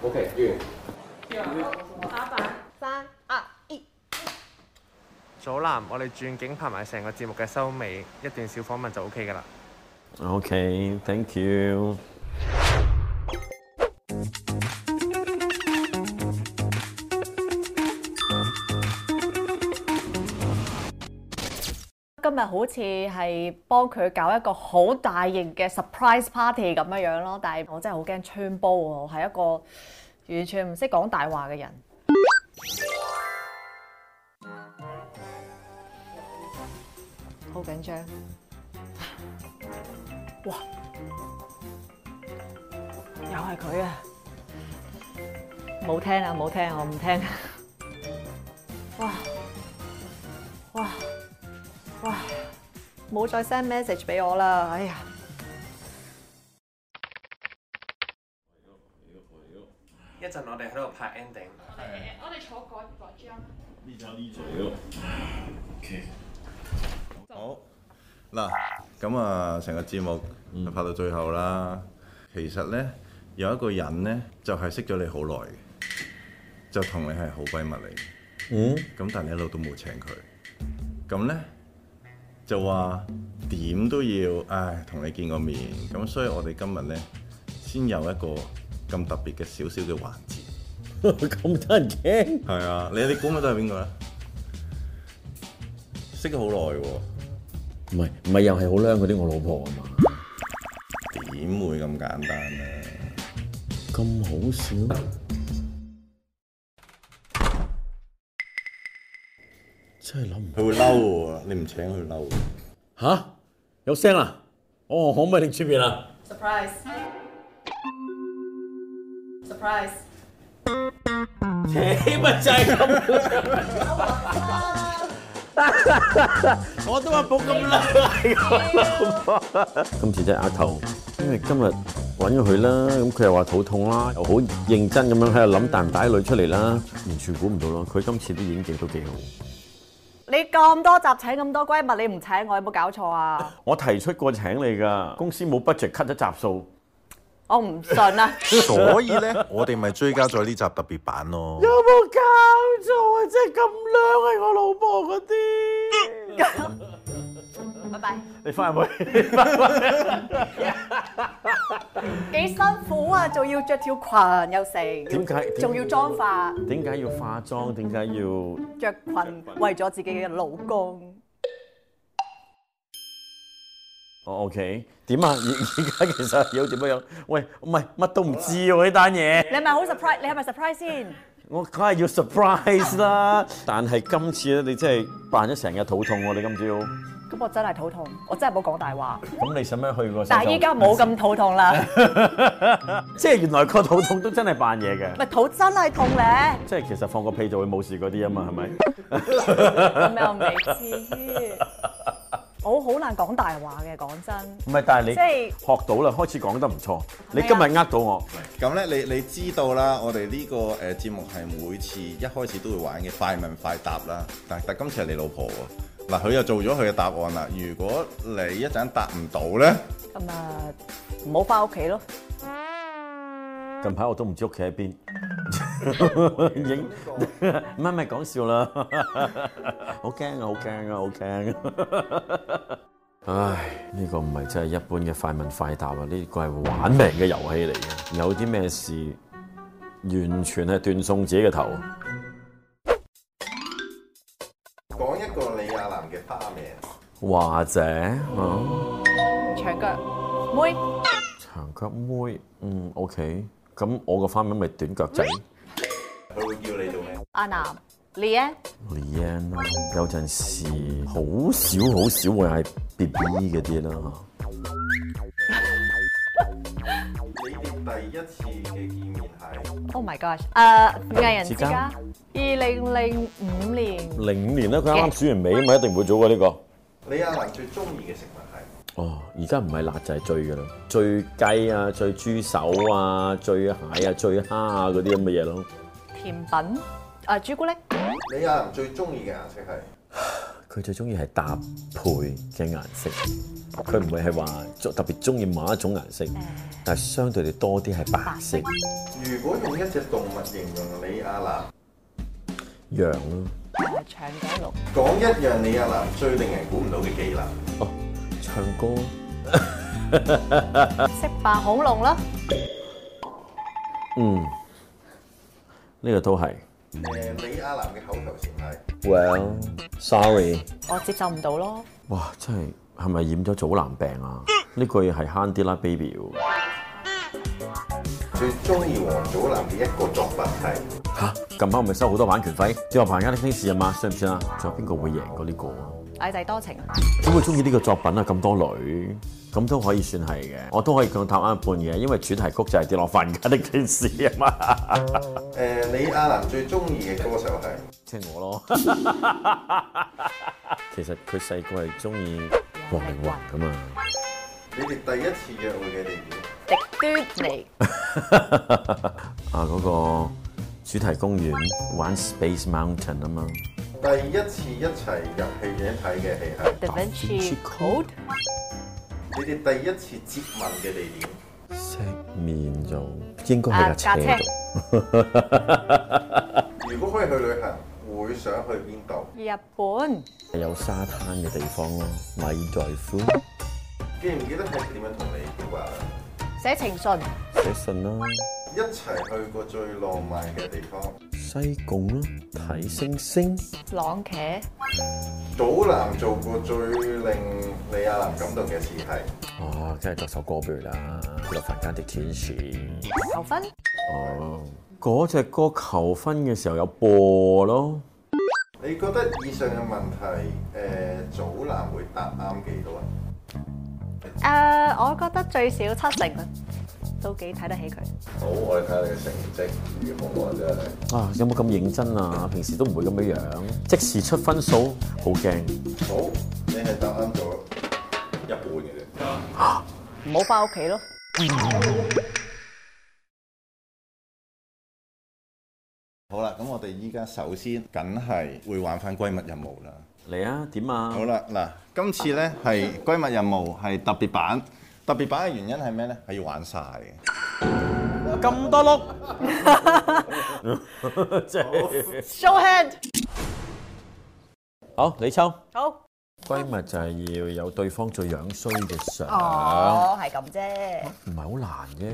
O K. 跳打板，三二一。祖藍，我哋轉景，拍埋成個節目嘅收尾一段小訪問就 O K. 噶啦。O K. Thank you. 好似係幫佢搞一個好大型嘅 surprise party 咁樣樣咯，但係我真係好驚穿煲啊！我係一個完全唔識講大話嘅人，好緊張！哇！又係佢啊！冇聽啊！冇聽！我唔聽！哇！冇再 send message 俾我啦，哎呀！一陣我哋喺度拍 ending。我哋們的我哋坐改改張。Okay，吧好嗱，咁啊，成個節目就拍到最後啦。嗯、其實咧，有一個人咧，就係、是、識咗你好耐嘅，就同你係好閨蜜嚟。嗯。咁但係你一路都冇請佢，咁咧？就話點都要，唉，同你見個面，咁所以我哋今日咧先有一個咁特別嘅小小嘅環節，咁得人驚，係啊，你你估乜都係邊個咧？識咗好耐喎，唔係唔係又係好靚嗰啲我老婆啊嘛，點會咁簡單啊？咁好笑！嗯真係諗唔到佢會嬲喎，你唔請佢嬲嚇有聲啦！哦，可唔可以拎出面啊？Surprise！Surprise！謝不謝？我都話冇咁嬲啊，老婆。今次真係阿頭，因為今日揾咗佢啦，咁佢又話肚痛啦，又好認真咁樣喺度諗，但唔帶女出嚟啦，完全估唔到咯。佢今次啲演技都幾好。你咁多集請咁多閨蜜，你唔請我有冇搞錯啊？我提出過請你噶，公司冇 budget，cut 咗集數 ，我唔信啊！所以咧，我哋咪追加咗呢集特別版咯。有冇搞錯啊？即係咁。你翻去幾辛苦啊！仲要著條裙又成，點解仲要裝化。點解要化妝？點解要著裙？為咗自己嘅老公。OK，點啊？而而家其實要點樣？喂，唔係乜都唔知喎，呢單嘢。你係咪好 surprise？你係咪 surprise 先？我梗係要 surprise 啦！但係今次咧，你真係扮咗成日肚痛喎！你今朝。咁我真係肚痛，我真係冇講大話。咁你使咩去過？但係依家冇咁肚痛啦。即係原來個肚痛都真係扮嘢嘅。唔係肚真係痛咧。即係其實放個屁就會冇事嗰啲啊嘛，係咪、嗯？咁又未至於。我好難講大話嘅，講真。唔係，但係你即係學到啦，就是、開始講得唔錯。你今日呃到我，咁咧、啊、你你知道啦，我哋呢個誒節目係每次一開始都會玩嘅快問快答啦。但但今次係你老婆。嗱，佢又做咗佢嘅答案啦。如果你一陣答唔到咧，咁啊，唔好返屋企咯。近排我都唔知屋企喺邊，影唔係唔係講笑啦拍。好驚啊！好驚啊！好驚啊！ 唉，呢、這個唔係真係一般嘅快問快答啊，呢、這個係玩命嘅遊戲嚟嘅。有啲咩事，完全係斷送自己嘅頭。或者，嗯、長腳妹，長腳妹，嗯，OK，咁我個花名咪短腳仔。佢會麼叫你做咩？阿男，Leanne，Leanne 咯。有陣時，好少好少會係 BB 嗰啲啦。 第一次嘅見面係，Oh my God！誒，藝人之家，二零零五年，零五年咧，佢啱啱剪完尾，咪喂一定唔會做嘅呢、這個。李亞男最中意嘅食物係，哦，而家唔係辣就係、是、醉嘅啦，醉雞啊，醉豬手啊，醉蟹啊，醉蝦啊嗰啲咁嘅嘢咯。啊、甜品，誒、uh,，朱古力。李亞男最中意嘅顏色係。 佢最中意係搭配嘅顏色，佢唔會係話特別中意某一種顏色，但係相對地多啲係白色。如果用一隻動物形容李亞男，羊咯。長頸鹿。講一樣李亞男最令人估唔到嘅技能，哦，唱歌。識扮恐龍咯。嗯，呢個都係。誒，李亞男嘅口頭禪係，Well，sorry，我接受唔到咯。哇，真係係咪染咗祖藍病啊？呢 句係慳啲啦，baby，啊。 最中意王祖藍嘅一個作品係吓，近排我咪收好多版權費，仲有拍《亞歷天使》啊嘛，算唔算啊？仲 有邊，這個會贏過呢個啊？矮仔多情啊！點會中意呢個作品啊？咁多女。咁都可以算係嘅，我都可以講探啱一半嘅，因為主題曲就係跌落凡間的天使啊嘛。誒、呃，李亞男最中意嘅歌手係？即我咯。 其實佢細個係中意王力宏噶嘛。你哋第一次約會嘅地點？迪士尼啊，嗰 個主題公園玩 Space Mountain 啊嘛。第一次一齊入戲院睇嘅戲係 Da Vinci Code。你哋第一次接吻嘅地點？食麵就應該係車度。如果可以去旅行，會想去邊度？日本。有沙灘嘅地方咯，馬爾代夫。記唔記得係點樣同你講啊？寫情信。寫信啦。一齊去個最浪漫嘅地方。西貢咯，睇星星，朗茄。祖藍做過最令李亞男感動嘅事係，哦，梗係作首歌俾佢啦，《落凡間的天使》求婚。哦，嗰隻歌求婚嘅時候有播咯。你覺得以上嘅問題，誒，祖藍會答啱幾多啊？誒，我覺得最少七成。都幾睇得起佢。好，我哋睇下你嘅成績如何啊！真係啊，有冇咁認真啊？平時都唔會咁嘅樣。即時出分數，好驚。好，你係答啱咗一半嘅啫。啊，唔好翻屋企咯。好啦，咁我哋依家首先梗係會玩翻閨密任務啦。嚟啊，點啊？好啦，嗱，今次咧係閨密任務係特別版。特別版嘅原因係咩咧？係要玩曬嘅，咁多碌，show hand，好，你抽，好，閨蜜就係要有對方最樣衰嘅相，哦，係咁啫，唔係好難嘅。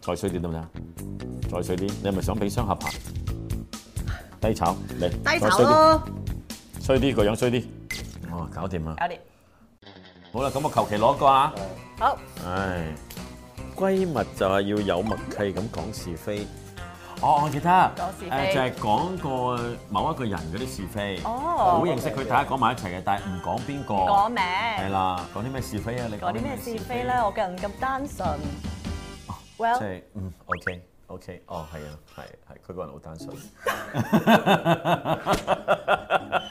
再衰啲得唔得啊？再衰啲，你係咪想俾雙合牌？低炒，嚟，低炒咯。衰啲，個樣衰啲。哦，搞掂啦！搞掂。好啦，咁我求其攞個啊。好。唉，閨密就係要有默契咁講是非。哦，我記得。講是非。誒，就係講過某一個人嗰啲是非。哦。我好認識佢，大家講埋一齊嘅，但係唔講邊個。講名。係啦。講啲咩是非啊？你。講啲咩是非咧？我個人咁單純。Well，即係嗯，OK，OK，哦，係啊，係係，佢個人好單純。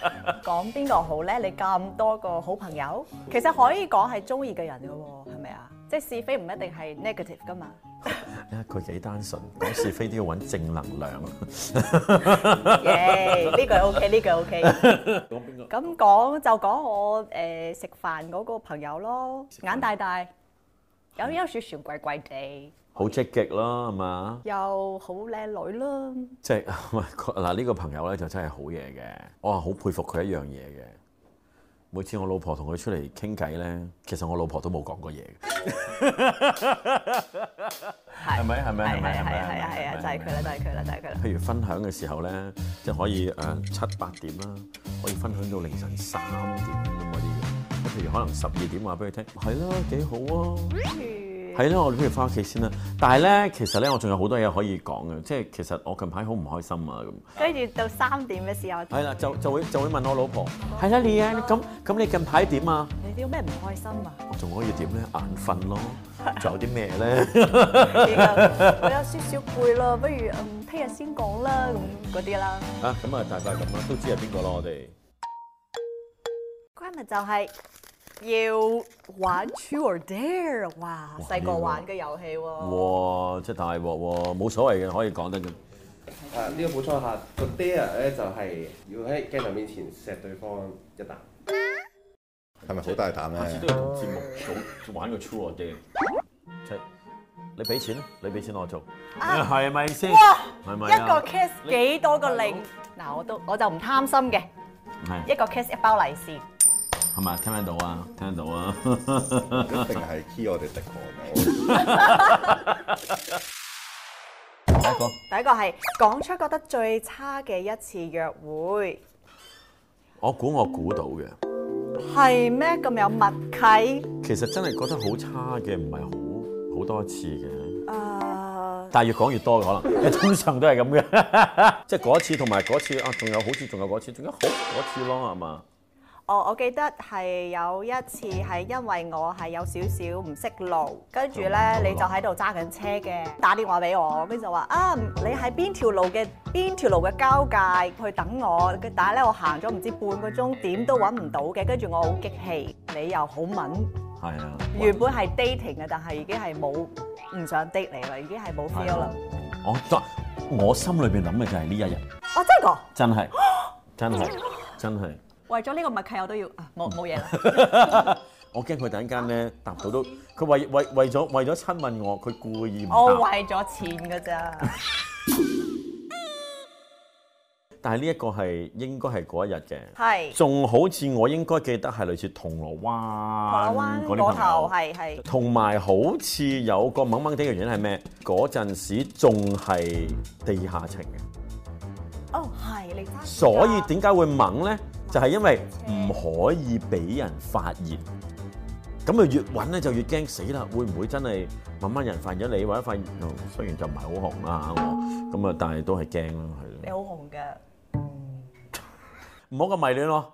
講邊個好咧？你咁多個好朋友，其實可以講係中意嘅人噶喎，係咪啊？即係是非唔一定係 negative 噶嘛佢幾單純，講是非都要揾正能量。耶，呢句 OK，呢句 OK。講邊個？咁講就講我誒食飯嗰個朋友咯，眼大大，有啲少少怪怪地。好積極啦，係嘛？又好靚女啦，即係唔嗱？呢個朋友咧就真係好嘢嘅，我係好佩服佢一樣嘢嘅。每次我老婆同佢出嚟傾偈咧，其實我老婆都冇講過嘢，係咪？係咪？係咪？係啊，係啊，係啊，就係佢啦，就係佢啦，就係佢啦。譬如分享嘅時候咧，就可以誒七八點啦，可以分享到凌晨三點咁嗰啲嘅。譬如可能十二點話俾佢聽，係囉，幾好啊。係咯，我不如翻屋企先啦。但係咧，其實咧，我仲有好多嘢可以講嘅，即係其實我近排好唔開心啊咁。跟住到三點嘅時候，係啦，就就會就會問我老婆。係啦，你啊？咁咁你近排點啊？你有咩唔開心啊？啊心啊我仲可以點咧？眼瞓咯，仲 有啲咩咧？我有少少攰咯，不如嗯聽日先講啦，咁嗰啲啦。嗯、那那啊，咁啊大概咁啦，都知係邊個咯，我哋。閨密就係、是。要玩 True or Dare，哇！細個玩嘅遊戲喎。哇！即大鑊喎，冇所謂嘅，可以講得嘅。啊，呢個補充下，個 Dare 咧就係要喺鏡頭面前錫對方一啖。係咪好大膽咧？下次都要同節目組玩個 True or Dare。七，你俾錢，你俾錢我做。係咪先？係咪啊？一個 case 幾多個零？嗱，我都我就唔貪心嘅。一個 case 一包利是。係咪？聽唔聽到啊？聽唔聽到啊？一定係 key 我哋敵方。第一個，第一個係講出覺得最差嘅一次約會。我估我估到嘅。係咩咁有默契？其實真係覺得好差嘅，唔係好好多次嘅。誒、uh。但係越講越多嘅可能，通常都係咁嘅。即係嗰次同埋嗰次啊，仲有好似仲有嗰次，仲有好嗰次咯，係嘛？我、哦、我記得係有一次係因為我係有少少唔識路，跟住咧你就喺度揸緊車嘅，打電話俾我，跟住就話啊你喺邊條路嘅邊條路嘅交界去等我，但係咧我行咗唔知半個鐘，點都揾唔到嘅，跟住我好激氣，你又好敏，係啊，嗯、原本係 dating 嘅，但係已經係冇唔想 date 你啦，已經係冇 feel 啦。我得我心裏邊諗嘅就係呢一日，啊真係真係，真係，真係。真係為咗呢個默契，我都要冇冇嘢啦。我驚佢突然間咧答到都，佢為為為咗為咗親問我，佢故意唔答。我為咗錢㗎咋？但係呢一個係應該係嗰一日嘅，係仲好似我應該記得係類似銅鑼灣嗰啲朋友，係係。同埋好似有個掹掹地嘅原因係咩？嗰陣時仲係地下情嘅。哦，係你。所以點解會掹咧？就係因為唔可以俾人發現，咁啊越揾咧就越驚死啦！會唔會真係慢慢人犯咗你？或者發現雖然就唔係好紅啦嚇，咁啊但係都係驚咯，係。你好紅嘅，唔好咁迷戀咯。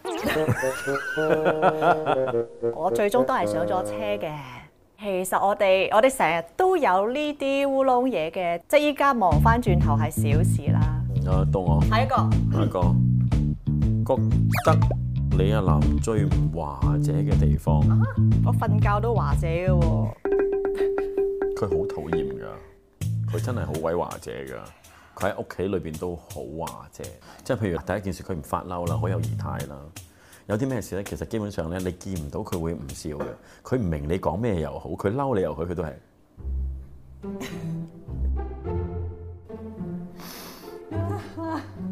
我最終都係上咗車嘅。其實我哋我哋成日都有呢啲烏龍嘢嘅，即係依家望翻轉頭係小事啦。啊，到我。下一個。下一個。覺得李亞男最唔華姐嘅地方，我瞓覺都華姐嘅喎。佢好、哦、討厭㗎，佢真係好鬼華姐㗎。佢喺屋企裏邊都好華姐，即、就、係、是、譬如第一件事佢唔發嬲啦，好有儀態啦。有啲咩事咧？其實基本上咧，你見唔到佢會唔笑嘅。佢唔明你講咩又好，佢嬲你又好，佢都係。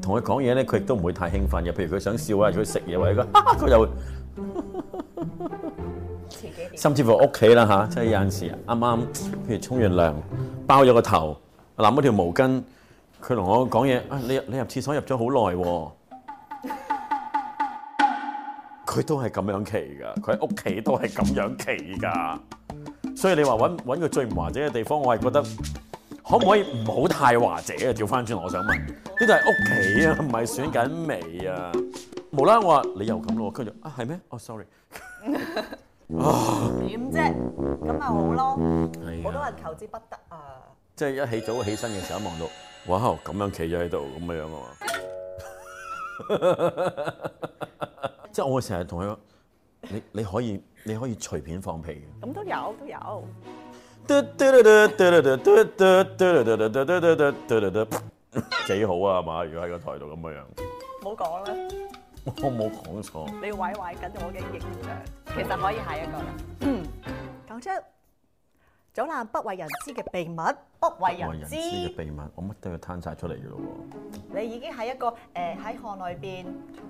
同佢講嘢咧，佢亦都唔會太興奮嘅。譬如佢想笑啊，佢食嘢或者佢，佢 又甚至乎屋企啦吓，即係有陣時啱啱，譬如沖完涼，包咗個頭，攬咗條毛巾，佢同我講嘢啊，你你入廁所入咗好耐喎，佢都係咁樣企㗎，佢喺屋企都係咁樣企㗎，所以你話揾揾個最唔華姐嘅地方，我係覺得。可唔可以唔好太華姐啊？調翻轉，我想問，呢度係屋企啊，唔係、嗯、選緊美啊，哦、無啦，我話你又咁咯，跟住啊係咩？哦，sorry，啊，點啫？咁、oh, 咪、 啊、好咯，好、哎、呀多人求之不得啊！即係一起早起身嘅時候望到， 哇！咁樣企咗喺度咁嘅樣啊嘛， 即係我成日同佢講，你你可以你可以隨便放屁嘅，咁都有都有。都有嘟嘟嘟嘟嘟嘟嘟嘟嘟嘟嘟嘟嘟嘟嘟，幾 好啊嘛！如果喺個台度咁樣，冇講啦。我冇講說錯。你毀壞緊我嘅形象，其實可以下一個人。嗯， 九章。祖藍不為人知嘅秘密，不為人知嘅秘密，我乜都要攤晒出嚟咯喎！你已經係一個誒喺行內邊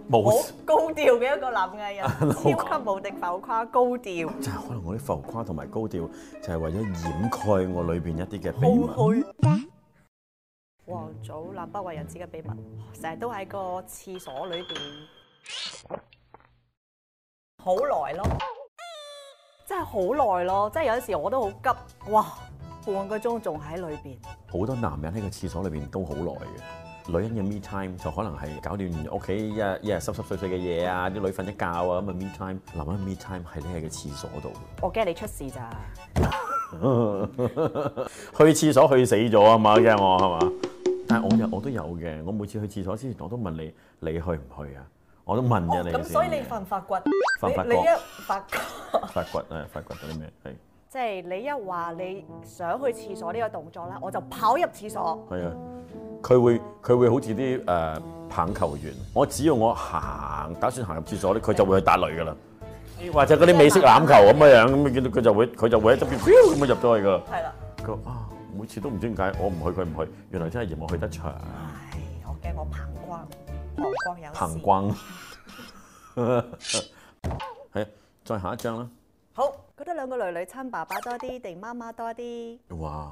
好高調嘅一個男藝人， 超級無敵浮誇高調。就係可能我啲浮誇同埋高調，就係為咗掩蓋我裏邊一啲嘅秘密。王祖藍不為人知嘅秘密，成日都喺個廁所裏邊好耐咯～真係好耐咯，即係有陣時我都好急，哇，半個鐘仲喺裏邊。好多男人喺個廁所裏邊都好耐嘅，女人嘅 me time 就可能係搞掂屋企一日一日濕濕碎碎嘅嘢啊，啲女瞓一覺啊，咁啊、mm hmm. me time，男人 me time 係咧喺個廁所度。我驚你出事咋？ 去廁所去死咗啊！嘛？好驚我係嘛？但係我有我都有嘅，我每次去廁所之前我都問你，你去唔去啊？我都問嘅你，咁所以你發唔發掘？發發覺？發掘誒，發掘啲咩？係即係你一話你想去廁所呢個動作咧，我就跑入廁所。係啊，佢會佢會好似啲誒棒球員，我只要我行打算行入廁所咧，佢就會去打雷㗎啦。或者嗰啲美式籃球咁嘅樣，咁見到佢就會佢就會喺側邊咁樣入咗去㗎。係啦，佢啊，每次都唔知點解我唔去佢唔去，原來真係嫌我去得長。唉，我驚我棒光。行慣，係啊，再下一張啦。好，覺得兩個女女親爸爸多啲定媽媽多啲？哇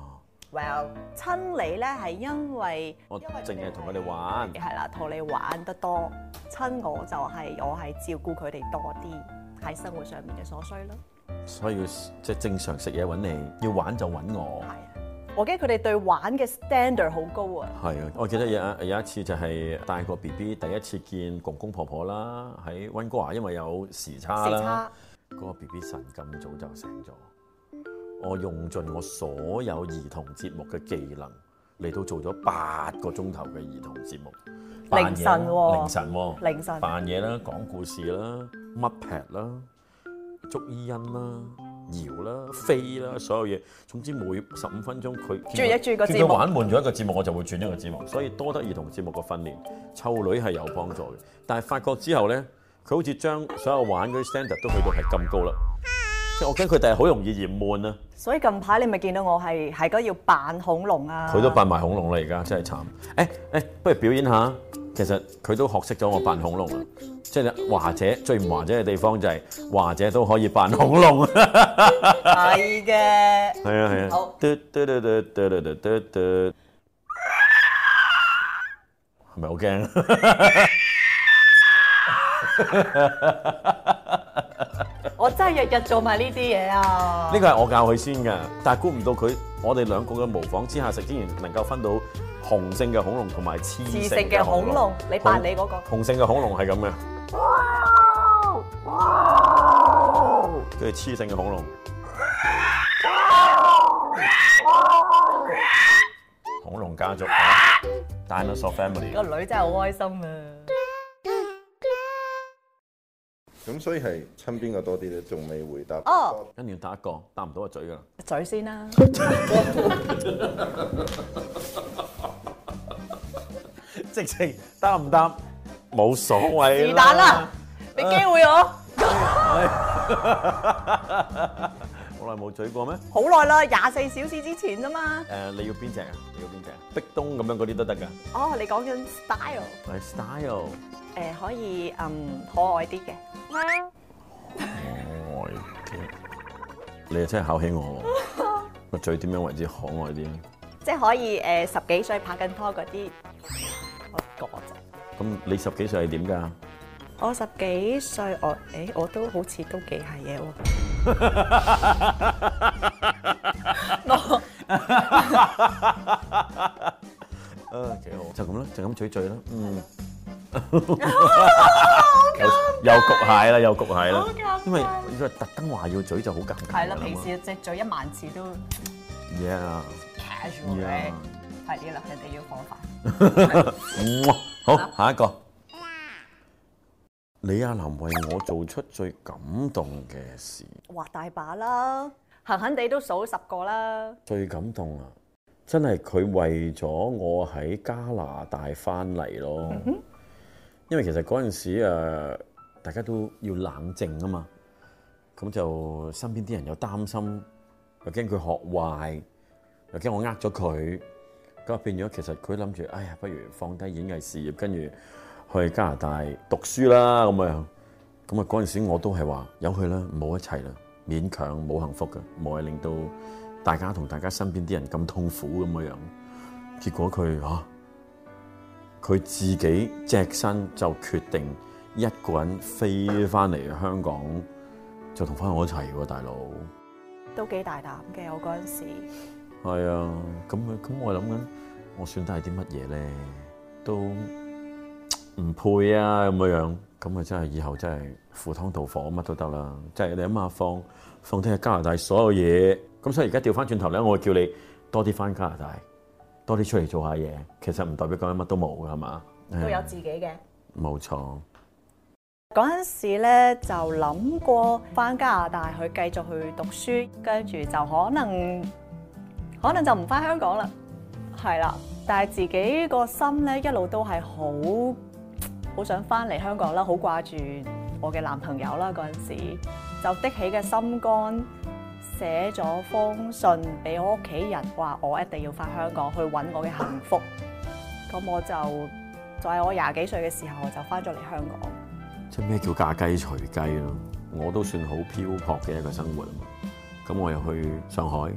，Well，親你咧係因為我淨係同佢哋玩。係啦，同你玩得多，親我就係我係照顧佢哋多啲喺生活上面嘅所需囉。所以即係正常食嘢揾你，要玩就揾我。我記得佢哋對玩嘅 standard 好高啊！係啊，我記得有有一次就係帶個 B B 第一次見公公婆婆啦，喺温哥華，因為有時差啦。時差。嗰個 B B 神咁早就醒咗，我用盡我所有兒童節目嘅技能嚟到做咗八個鐘頭嘅兒童節目。凌晨喎、啊，凌晨喎、啊，凌晨扮嘢啦，講故事啦、啊，乜劈啦，捉伊因啦。搖啦，飛啦，所有嘢，總之每十五分鐘佢轉一轉個節目，玩悶咗一個節目，我就會轉一個節目，所以多得兒童節目個訓練，湊女係有幫助嘅。但係發覺之後咧，佢好似將所有玩嗰啲 standard 都去到係咁高啦，即係、啊、我驚佢第日好容易嫌悶啊。所以近排你咪見到我係喺嗰要扮恐龍啊。佢都扮埋恐龍啦，而家真係慘。誒、欸、誒、欸，不如表演下，其實佢都學識咗我扮恐龍啊。即係華姐最唔華姐嘅地方就係、是、華姐都可以扮恐龍，係 嘅的。係啊係啊。好嘟嘟嘟嘟嘟嘟嘟嘟。係咪好驚？我真係日日做埋呢啲嘢啊！呢個係我教佢先嘅，但係估唔到佢，我哋兩個嘅模仿之下，食之前能夠分到雄性嘅恐龍同埋雌性嘅恐龍。的恐龍你扮你嗰、那個。雄性嘅恐龍係咁嘅。對雌性嘅恐龍，恐龍家族，Dinosaur family，個女真係好開心啊！咁所以係親邊個多啲咧？仲未回答。哦，跟住打一個，答唔到個嘴噶啦，嘴先啦。直情答唔答冇所謂。是但啦，俾機會我。好耐冇嘴過咩？好耐啦，廿四小時之前咋嘛？誒，uh，你要邊隻啊？你要邊隻？壁咚咁樣嗰啲都得噶。哦，你講緊 style。誒，style。誒，可以嗯可愛啲嘅。可愛。你又真係考起我。個嘴點樣為之可愛啲咧？即係可以誒，uh, 十幾歲拍緊拖嗰啲。我覺我真。咁你十幾歲係點噶？我十幾歲，我誒我都好似都幾係嘢喎。我啊幾好，就咁咯，就咁嘴嘴咯，嗯。又焗蟹啦，又焗蟹啦，因為佢特登話要嘴就好尷尬。係啦，平時即係嘴一萬次都。Yeah。Cash 喎，係快啲啦，人哋要貨快。好，下一個。李亞男為我做出最感動嘅事，哇大把啦，閒閒哋都數十個啦。最感動啊，真係佢為咗我喺加拿大翻嚟咯。因為其實嗰陣時誒，大家都要冷靜啊嘛。咁就身邊啲人又擔心，又驚佢學壞，又驚我呃咗佢。咁啊變咗，其實佢諗住，哎呀，不如放低演藝事業，跟住。去加拿大讀書啦，咁啊樣，咁啊嗰陣時我都係話有去啦，唔好一齊啦，勉強冇幸福嘅，冇係令到大家同大家身邊啲人咁痛苦咁啊樣。結果佢嚇佢自己隻身就決定一個人飛翻嚟香港， 就同翻我一齊喎，大佬。都幾大膽嘅，我嗰陣時。係啊，咁咁，我諗緊我算得係啲乜嘢咧？都。唔配啊，咁嘅樣，咁啊真係以後真係赴湯蹈火乜都得啦。即係你諗下放，放低加拿大所有嘢，咁所以而家調翻轉頭咧，我會叫你多啲翻加拿大，多啲出嚟做下嘢。其實唔代表講乜都冇噶係嘛，都有自己嘅沒錯。冇錯。嗰陣時咧就諗過翻加拿大去繼續去讀書，跟住就可能可能就唔翻香港啦，係啦。但係自己個心咧一路都係好。好想翻嚟香港啦，好掛住我嘅男朋友啦。嗰陣時就起的起嘅心肝，寫咗封信俾我屋企人，話我一定要翻香港去揾我嘅幸福。咁 我就在、就係、我廿幾歲嘅時候就翻咗嚟香港。即係咩叫嫁雞隨雞咯？我都算好漂泊嘅一個生活啊嘛。咁我又去上海，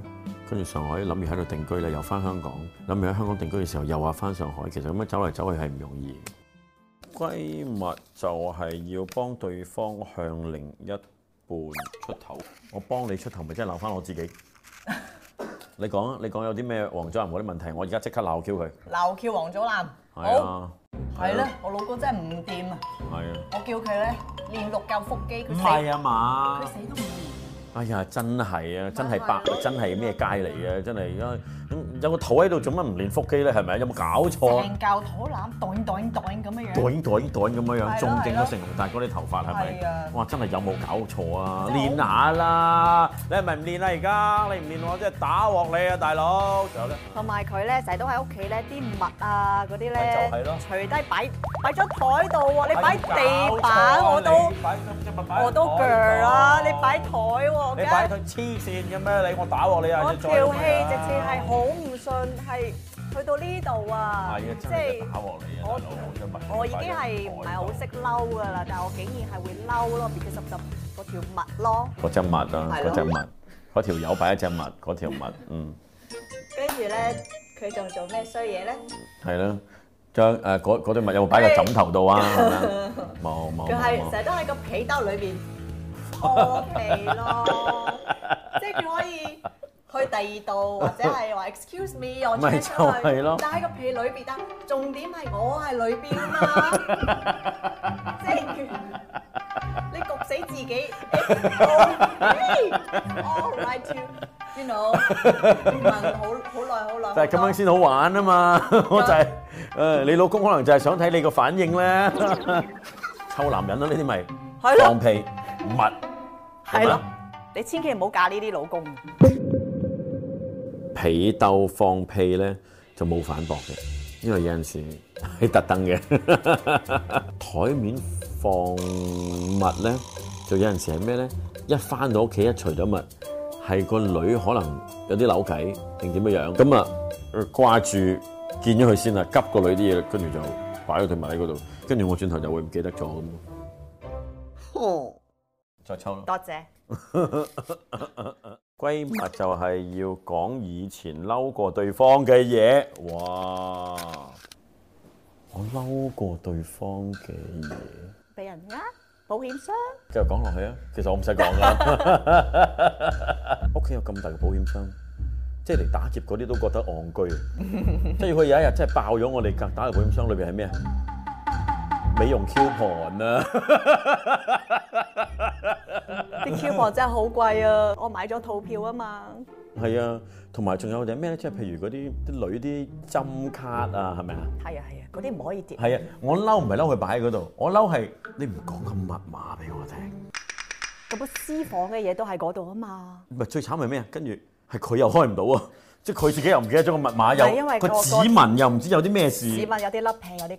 跟住上海諗住喺度定居啦，又翻香港，諗住喺香港定居嘅時候又話翻上海。其實咁樣走嚟走去係唔容易。閨蜜就係要幫對方向另一半出頭，我幫你出頭咪即係鬧翻我自己，你說。你講啊，你講有啲咩王祖藍嗰啲問題，我而家即刻鬧 Q 佢。鬧 Q 王祖藍。係啊。係咧，我老公真係唔掂啊。係啊。我叫佢咧練六嚿腹肌，佢死啊嘛。佢死都唔掂。哎呀，真係啊，真係白，真係咩街嚟嘅，真係而家有個肚喺度，做乜唔練腹肌咧？係咪啊？有冇搞錯啊？成嚿肚腩，袋袋袋咁嘅樣，袋袋袋咁嘅樣，仲整到成龍大哥啲頭髮係咪？哇，真係有冇搞錯啊？練下啦，你係咪唔練啊？而家你唔練我真係打鑊你啊，大佬！仲有咧，同埋佢咧成日都喺屋企咧啲襪啊嗰啲咧，就係咯，除低擺擺咗台度喎，你擺地板我都我都腳啦，你擺台。你擺佢黐線嘅咩？你我打喎你啊！我條氣直接係好唔順，係去到呢度啊！係啊，真係打喎你啊！我我已經係唔係好識嬲噶啦，但係我竟然係會嬲咯，because 入咗嗰條襪咯。嗰隻襪啦，嗰隻襪，嗰條友擺一隻襪，嗰條襪，嗯。跟住咧，佢仲做咩衰嘢咧？係咯，將誒嗰嗰對襪有冇擺個枕頭度啊？冇冇冇。佢係成日都喺個被兜裏邊。好 K 咯，即係佢可以去第二度，或者係話 Excuse me，我出去，就是就是但係個被裏邊得重點係我係裏邊啊嘛， 即係你焗死自己、欸我欸、，All right, you, you know？你問好好耐好耐，但係咁樣先好玩啊嘛，我就係、是、誒，是的 你老公可能就係想睇你個反應咧， 臭男人啦呢啲咪，係咯，放屁。物係咯，的物你千祈唔好嫁呢啲老公。被竇放屁咧就冇反駁嘅，因為有陣時係特登嘅。台 面放物咧就有陣時係咩咧？一返到屋企一除咗物，係個女可能有啲扭計定點樣樣，咁啊掛住見咗佢先啦，急個女啲嘢，跟住就擺咗對物喺嗰度，跟住我轉頭就會唔記得咗咁。再抽咯！多謝。閨密就係要講以前嬲過對方嘅嘢，哇！我嬲過對方嘅嘢，俾人啊，保險箱。繼續講落去啊，其實我唔使講喇。屋企 有咁大嘅保險箱，即係嚟打劫嗰啲都覺得戇居。 即係佢有一日真係爆咗我哋隔打嘅保險箱裏邊係咩啊？美容 coupon 啊！ 啲 Q 房真係好貴啊！我買咗套票啊嘛，係啊，同埋仲有就咩咧？即係譬如嗰啲啲女啲針卡啊，係咪啊？係啊係啊，嗰啲唔可以跌。係啊，我嬲唔係嬲佢擺喺嗰度，我嬲係你唔講個密碼俾我聽。咁私房嘅嘢都喺嗰度啊嘛。唔係最慘係咩啊？跟住係佢又開唔到啊！即係佢自己又唔記得咗個密碼，又因為個指紋又唔知有啲咩事。指紋有啲甩皮，有啲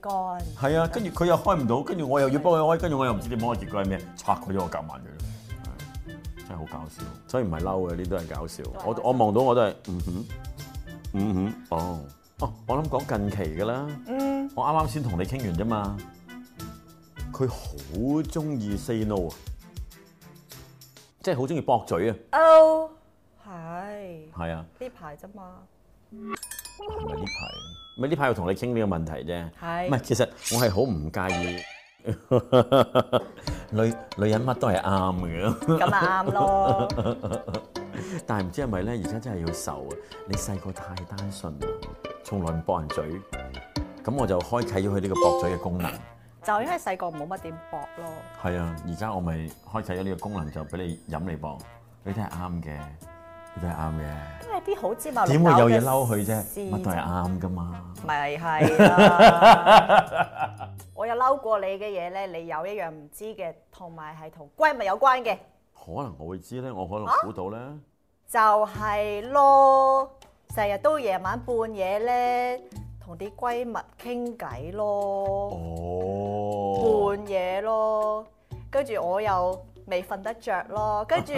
乾。係啊，跟住佢又開唔到，跟住對 我又要幫佢開，跟住對 我又唔知點開結果係咩？拆佢咗我夾萬佢。真係好搞笑，所以唔係嬲嘅，呢啲都係搞笑。對我我望到我都係，嗯哼，嗯哼，哦，哦，我諗講近期嘅啦。嗯，我啱啱先同你傾完啫嘛。佢好中意 say no 啊，即係好中意駁嘴啊。哦 ，係。係啊。呢排啫嘛。係咪呢排？咪呢排又同你傾呢個問題啫。係是。唔係，其實我係好唔介意。 女女人乜都係啱嘅，咁咪啱咯。但係唔知係咪咧？而家真係要愁，啊！你細個太單純啦，從來唔駁人嘴，咁我就開啟咗佢呢個駁嘴嘅功能。 就因為細個冇乜點駁咯。係啊，而家我咪開啟咗呢個功能，就俾你飲你駁，你真係啱嘅。真係啱嘅，因為啲好芝麻。點會有嘢嬲佢啫？乜都係啱噶嘛？咪係啦！我有嬲過你嘅嘢咧，你有一樣唔知嘅，同埋係同閨密有關嘅。可能我會知咧，我可能估到咧。就係咯，成日都夜晚半夜咧，同啲閨密傾偈咯。哦。半夜咯，跟住我又未瞓得著咯，跟住。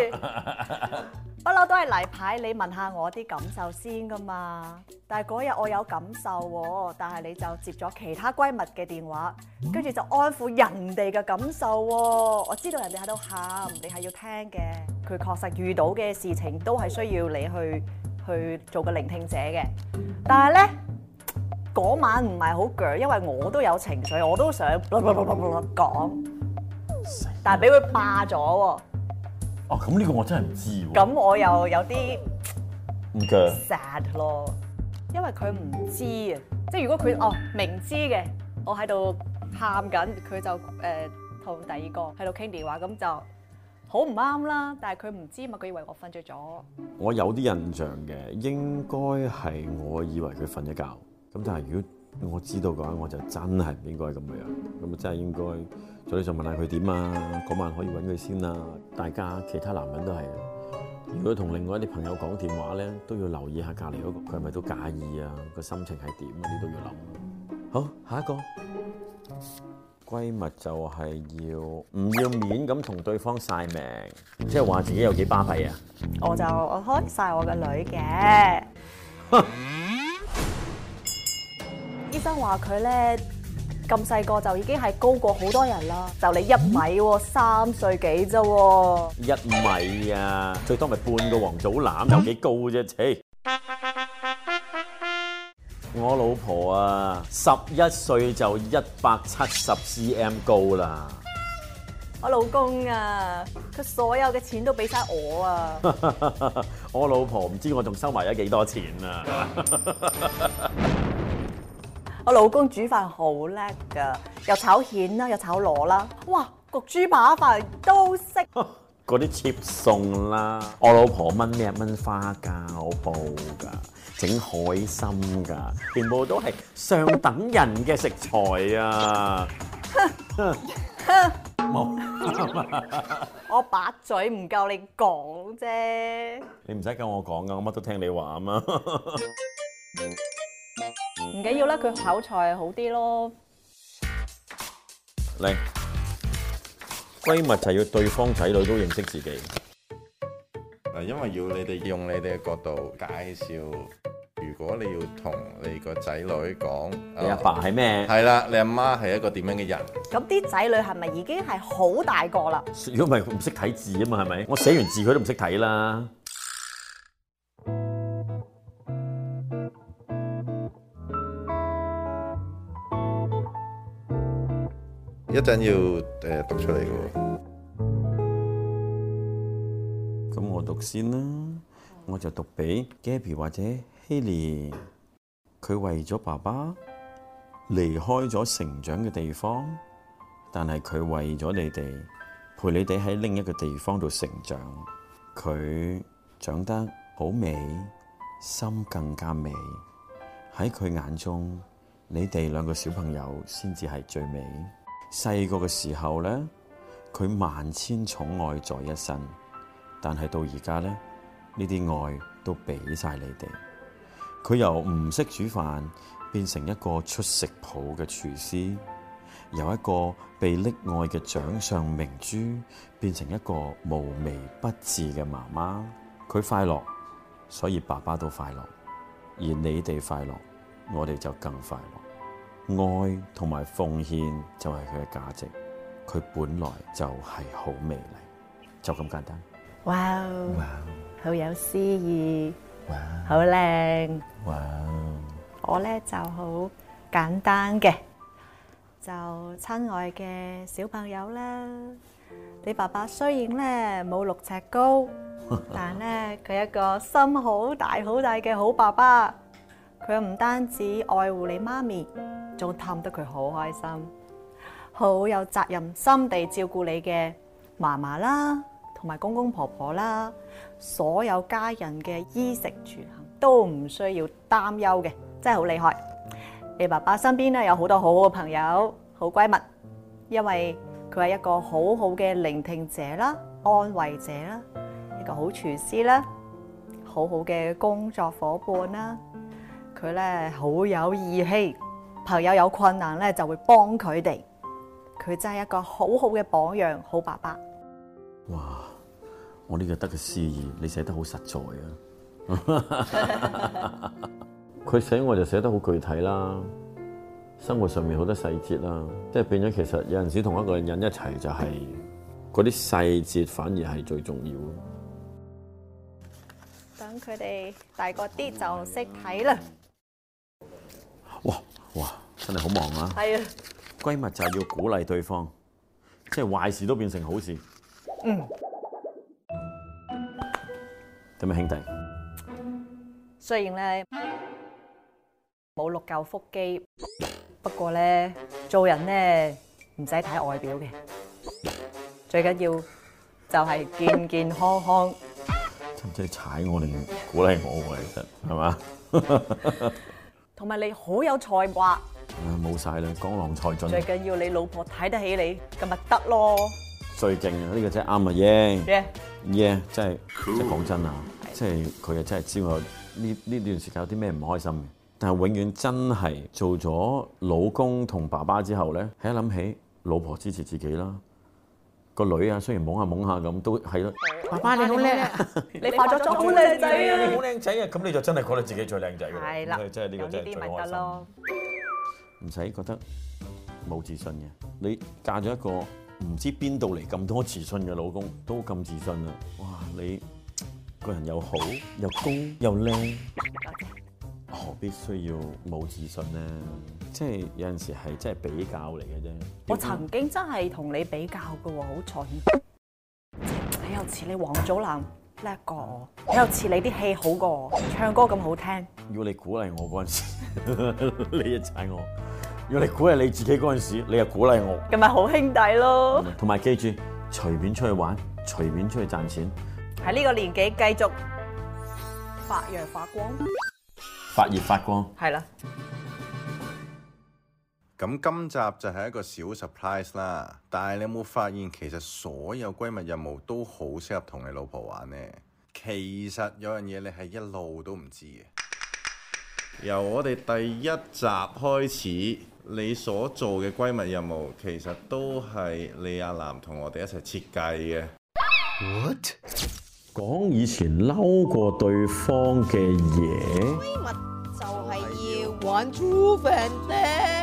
不嬲都係例牌，你問下我啲感受先噶嘛。但係嗰日我有感受喎，但係你就接咗其他閨蜜嘅電話，跟住就安撫人哋嘅感受喎。我知道人哋喺度喊，你係要聽嘅。佢確實遇到嘅事情都係需要你去去做個聆聽者嘅。但係呢，嗰晚唔係好攰，因為我都有情緒，我都想講，但係俾佢霸咗。啊！咁呢、哦、個我真係唔知喎、啊。咁我又有啲唔 sad 咯，因為佢唔知啊。即係如果佢哦明知嘅，我喺度喊緊，佢就誒同、呃、第二個喺度傾電話，咁就好唔啱啦。但係佢唔知嘛，佢以為我瞓着咗。我有啲印象嘅，應該係我以為佢瞓咗覺。咁但係如果我知道嘅話，我就真係唔應該咁樣，咁啊真係應該早啲就問下佢點啊，嗰晚可以揾佢先啦。大家其他男人都係，如果同另外一啲朋友講電話咧，都要留意下隔離嗰個佢係咪都介意啊，個心情係點，呢都要諗。好，下一個閨密就係要唔要面咁同對方晒命，即係話自己有幾巴閉啊？我就我開晒我個女嘅。 醫生話佢咧咁細個就已經係高過好多人啦，就你一米喎，三歲幾啫？一米啊，最多咪半個王祖藍有幾高啫？ 我老婆啊，十一歲就一百七十 cm 高啦。我老公啊，佢所有嘅錢都俾晒我啊。 我老婆唔知我仲收埋咗幾多錢啊？ 我老公煮飯好叻噶，又炒蜆啦，又炒螺啦，哇，焗豬扒飯都識。嗰啲切餸啦，我老婆炆咩炆花膠煲噶，整海參噶，全部都係上等人嘅食材啊！冇，我把嘴唔夠你講啫。你唔使教我講噶，我乜都聽你話啊嘛。 嗯唔緊要啦，佢口才好啲咯。嚟，閨密就要對方仔女都認識自己。嗱，因為要你哋用你哋嘅角度介紹。如果你要同你個仔女講，你阿爸係咩？係啦，你阿媽係一個點樣嘅人？咁啲仔女係咪已經係好大個啦？如果唔係唔識睇字啊嘛，係咪？我寫完字佢都唔識睇啦。一陣要誒讀出嚟嘅喎，咁我讀先啦。我就讀俾 Gabby 或者 Hilly。佢為咗爸爸離開咗成長嘅地方，但係佢為咗你哋陪你哋喺另一個地方度成長。佢長得好美，心更加美。喺佢眼中，你哋兩個小朋友先至係最美。細個嘅時候咧，佢萬千寵愛在一身，但係到而家咧，呢啲愛都俾晒你哋。佢由唔識煮飯變成一個出食譜嘅廚師，由一個被溺愛嘅掌上明珠變成一個無微不至嘅媽媽。佢快樂，所以爸爸都快樂，而你哋快樂，我哋就更快樂。愛同埋奉獻就係佢嘅價值，佢本來就係好美麗，就咁簡單。哇！哇！好有詩意，哇！好靚，哇！我呢就好簡單嘅，就親愛嘅小朋友啦。你爸爸雖然呢冇六尺高，但呢佢一個心好大好大嘅好爸爸，佢唔單止愛護你媽咪，都氹得佢好開心，好有責任心地照顧你嘅嫲嫲啦，同埋公公婆婆啦，所有家人嘅衣食住行都唔需要擔憂嘅，真係好厲害。你爸爸身邊咧有好多好好嘅朋友，好閨蜜，因為佢係一個好好嘅聆聽者啦、安慰者啦，一個好廚師啦，好好嘅工作伙伴啦，佢咧好有義氣。朋友有困難咧，就會幫佢哋。佢真係一個好好嘅榜樣，好爸爸。哇！我呢個得嘅詩意，你寫得好實在啊！佢 寫 我就寫得好具體啦，生活上面好多細節啦，即係變咗其實有陣時同一個人一齊就係嗰啲細節反而係最重要。等佢哋大個啲就識睇啦。哇！哇！真係好忙啊！係啊，閨密就係要鼓勵對方，即係壞事都變成好事。嗯。咁啊，兄弟，雖然咧冇六嚿腹肌，不過咧做人咧唔使睇外表嘅，最緊要就係健健康康。使唔使踩我嚟鼓勵我喎？其實係嘛？同埋你好有才華，啊冇晒啦，江郎才盡。最緊要你老婆睇得起你，咁咪得咯。最正啊！呢個真係啱啊！耶、yeah, 耶 Yeah.、yeah, 真係，Cool. 即係講真啊，即係佢啊真係知我呢呢段時間有啲咩唔開心嘅。但係永遠真係做咗老公同爸爸之後咧，喺度諗起老婆支持自己啦。個女啊，雖然懵下懵下咁，都係咯。爸爸你好叻，你化咗妝好靚仔啊！好靚仔啊！咁你就真係覺得自己最靚仔㗎。係啦，真係呢個真係最開心。有呢啲咪得咯？唔使覺得冇自信嘅。你嫁咗一個唔知邊度嚟咁多自信嘅老公，都咁自信啦。哇！你個人又好又高又靚，何必需要冇自信呢？即係有陣時係即係比較嚟嘅啫。我曾經真係同你比較過喎，好蠢。你又似你王祖藍叻過我，你又似你啲戲好過我，唱歌咁好聽。要你鼓勵我嗰陣時， 你一踩我；要你鼓勵你自己嗰陣時，你又鼓勵我。咁咪好兄弟咯。同埋記住，隨便出去玩，隨便出去賺錢。喺呢個年紀繼續發揚發光，發熱發光。係啦。咁今集就係一個小 surprise 啦，但係你有冇發現其實所有閨蜜任務都好適合同你老婆玩呢？其實有樣嘢你係一路都唔知嘅，由我哋第一集開始，你所做嘅閨蜜任務其實都係李亞男同我哋一齊設計嘅。What？講以前嬲過對方嘅嘢。閨蜜就係要玩 t r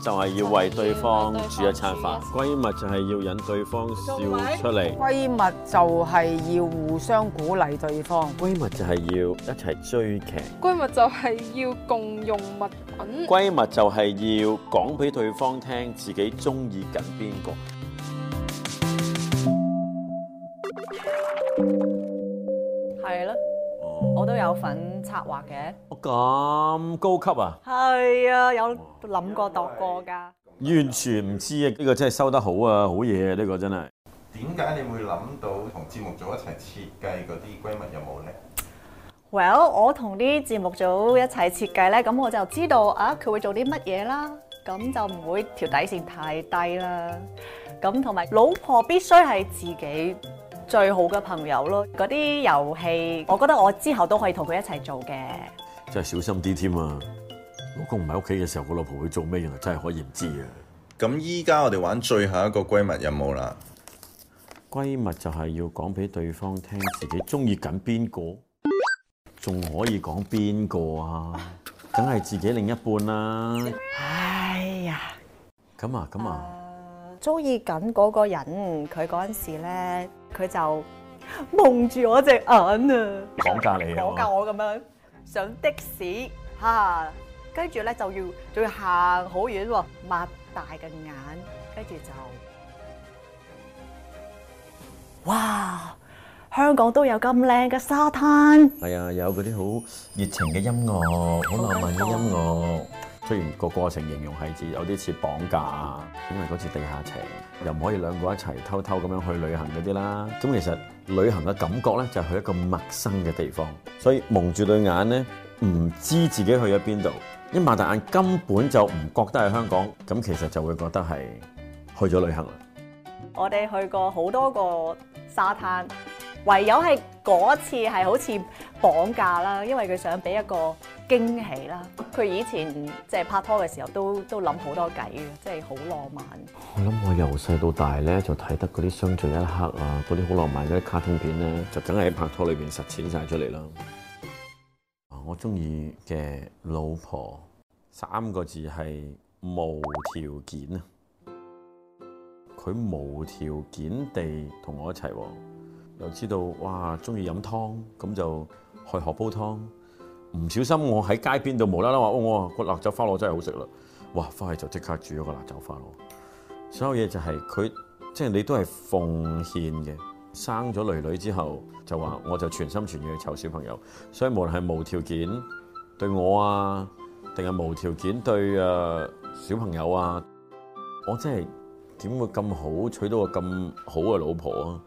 就係要為對方，對方煮一餐飯，閨蜜就係要引對方笑出嚟。閨蜜就係要互相鼓勵對方。閨蜜就係要一齊追劇。閨蜜就係要共用物品。閨蜜就係要講俾對方聽自己中意緊邊個。我都有份策劃嘅，咁高級啊！係啊，有諗過度過㗎，完全唔知啊！呢個真係收得好啊，好嘢啊！呢個真係。點解你會諗到同節目組一齊設計嗰啲閨蜜有冇咧？Well，我同啲節目組一齊設計咧，咁我就知道啊，佢會做啲乜嘢啦，咁就唔會條底線太低啦。咁同埋老婆必須係自己。最好嘅朋友咯，嗰啲遊戲，我覺得我之後都可以同佢一齊做嘅。真係小心啲添啊！老公唔喺屋企嘅時候，個老婆會做咩？原來真係可以唔知啊！咁依家我哋玩最後一個閨密任務啦。閨密就係要講俾對方聽自己中意緊邊個，仲可以講邊個啊？梗係自己另一半啦，啊。哎 呀！咁啊咁啊，中意緊嗰個人，佢嗰陣時咧。佢就蒙住我隻眼啊！綁架你啊！綁架我咁樣上的士嚇，跟住咧就要，仲要行好遠喎，擘大嘅眼，跟住就哇！香港都有咁靚嘅沙灘，係啊、哎，有嗰啲好熱情嘅音樂，好浪漫嘅音樂。雖然個過程形容係指有啲似綁架，因為嗰次地下情。又唔可以兩個一齊偷偷咁樣去旅行嗰啲啦。咁其實旅行嘅感覺咧，就係去一個陌生嘅地方，所以蒙住對眼咧，唔知自己去咗邊度，因為擘大眼根本就唔覺得係香港，咁其實就會覺得係去咗旅行啦。我哋去過好多個沙灘，唯有係嗰次係好似綁架啦，因為佢想俾一個驚喜啦。佢以前即係拍拖嘅時候，都都諗好多計嘅，即係好浪漫。我諗我由細到大咧，就睇得嗰啲相聚一刻啊，嗰啲好浪漫嗰啲卡通片咧，就梗係喺拍拖裏邊實踐晒出嚟啦。我中意嘅老婆三個字係無條件啊，佢無條件地同我一齊，又知道哇中意飲湯，咁就去學煲湯。唔小心我喺街邊度無啦啦話，哦，我個辣酒花螺真係好食啦！哇，翻去就即刻煮咗個辣酒花螺。所有嘢就係、是、佢，即係、就是、你都係奉獻嘅。生咗女女之後，就話我就全心全意去湊小朋友。所以無論係無條件對我啊，定係無條件對誒小朋友啊，我真係點會咁好娶到個咁好嘅老婆啊？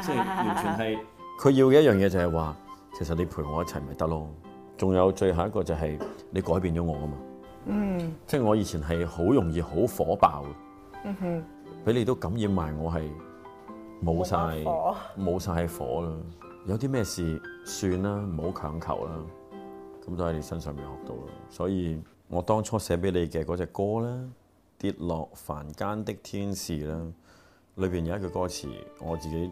即係完全係佢要嘅一樣嘢就係話，其實你陪我一齊咪得咯。仲有最後一個就係你改變咗我啊嘛，嗯，即係我以前係好容易好火爆嘅，嗯哼，俾你都感染埋我係冇晒冇晒火啦，有啲咩事算啦，唔好強求啦，咁都喺你身上面學到，所以我當初寫俾你嘅嗰隻歌咧，跌落凡間的天使啦，裏邊有一句歌詞我自己，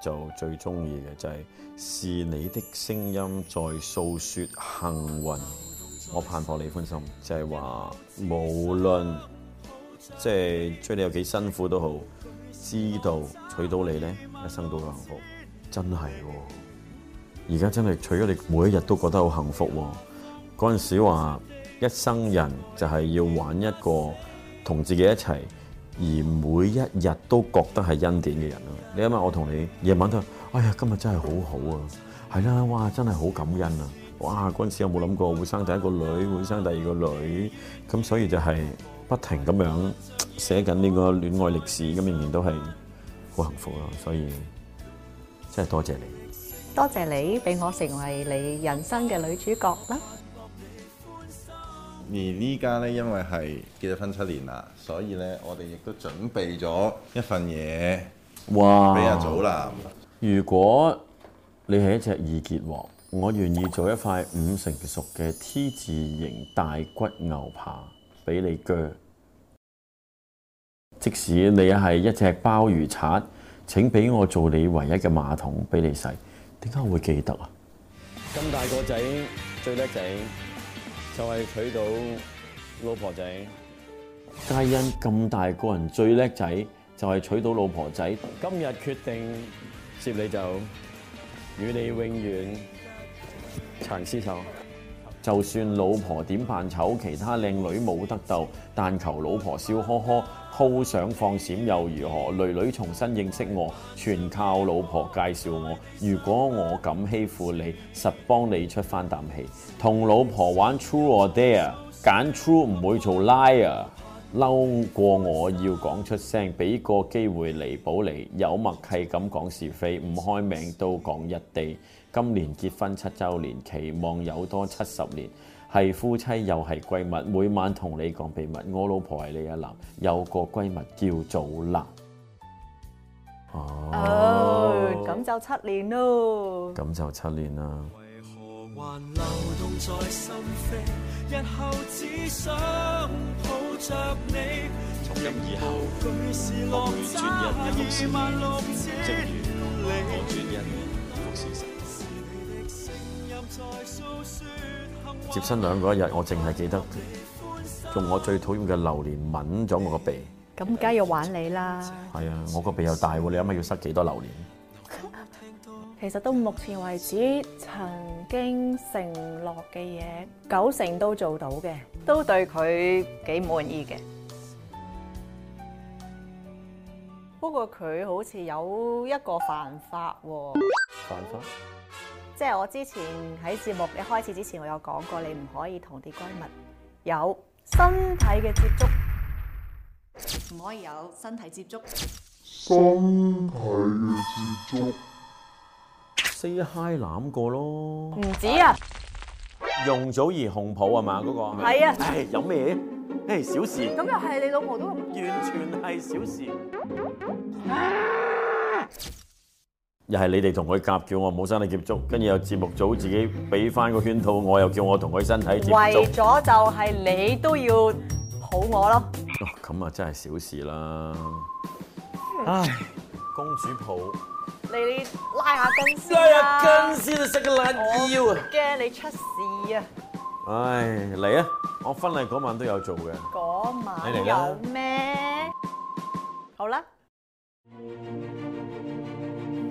就最中意嘅就係是，是你的聲音在訴說幸運，我盼望你歡心，就係話無論即係追你有幾辛苦都好，知道娶到你咧，一生都會幸福，真係喎！而家真係娶咗你，每一日都覺得好幸福喎。嗰陣時話一生人就係要揾一個同自己一齊。而每一日都覺得係恩典嘅人咯，你諗下我同你夜晚都，哎呀今日真係好好啊，係啦，哇真係好感恩啊，哇嗰陣時有冇諗過會生第一個女，會生第二個女？咁所以就係不停咁樣寫緊呢個戀愛歷史，咁仍然都係好幸福咯，所以真係多謝你，多謝你俾我成為你人生嘅女主角啦。而依家咧，因為係結咗婚七年啦，所以咧，我哋亦都準備咗一份嘢，哇，俾阿祖藍。如果你係一隻二結王，我願意做一塊五成熟嘅 T 字型大骨牛扒俾你鋸。即使你係一隻鮑魚刷，請俾我做你唯一嘅馬桶俾你洗。點解我會記得啊？咁大個仔最叻仔。就係娶到老婆仔，皆因咁大個人最叻仔，就係娶到老婆仔。今日決定接你就與你永遠長厮守，陳就算老婆點扮醜，其他靚女冇得鬥，但求老婆笑呵呵。好想放閃又如何？女女重新認識我，全靠老婆介紹我。如果我敢欺負你，實幫你出翻啖氣。同老婆玩 true or dare，揀 true 唔會做 liar。嬲過我要講出聲，俾個機會嚟補你。有默契咁講是非，唔開名都講一地。今年結婚七週年，期望有多七十年。係夫妻又係閨蜜，每晚同你講秘密。我老婆係李亞男，有個閨蜜叫做林。哦，咁就七年咯。咁就七年啦。接新娘嗰一日，我淨係記得用我最討厭嘅榴蓮吻咗我個鼻。咁梗係要玩你啦！係啊，我個鼻又大，你諗下要塞幾多榴蓮？其實到目前為止，曾經承諾嘅嘢，九成都做到嘅，都對佢幾滿意嘅。不過佢好似有一個犯法喎、哦。犯法？即係我之前喺節目一開始之前，我有講過，你唔可以同啲閨蜜有身體嘅接觸，唔可以有身體接觸。身體嘅接觸，say hi 攬過咯。唔止啊，啊容祖兒胸脯係嘛嗰個？係啊，哎、有咩？唉、哎，小事。咁又係你老婆都完全係小事。 又係你哋同佢夾叫我冇身體接觸，跟住又節目組自己俾返個圈套，我又叫我同佢身體接觸。為咗就係你都要抱我咯。咁啊，真係小事啦。唉，公主抱。你你拉下筋先啦。拉下筋先啊，伸個懶腰啊。驚你出事啊！唉，嚟啊！我婚禮嗰晚都有做嘅。嗰晚有咩？好啦。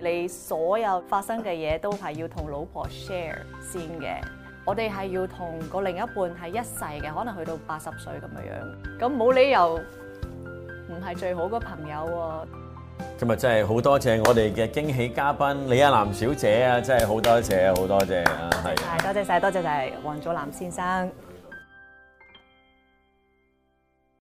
你所有發生嘅嘢都係要同老婆 share 先嘅，我哋係要同個另一半係一世嘅，可能去到八十歲咁樣樣，咁冇理由唔係最好嘅朋友喎、啊。今日真係好多謝我哋嘅驚喜嘉賓李亞男小姐啊，真係好多謝好是多謝啊！係多謝晒，多謝晒王祖藍先生。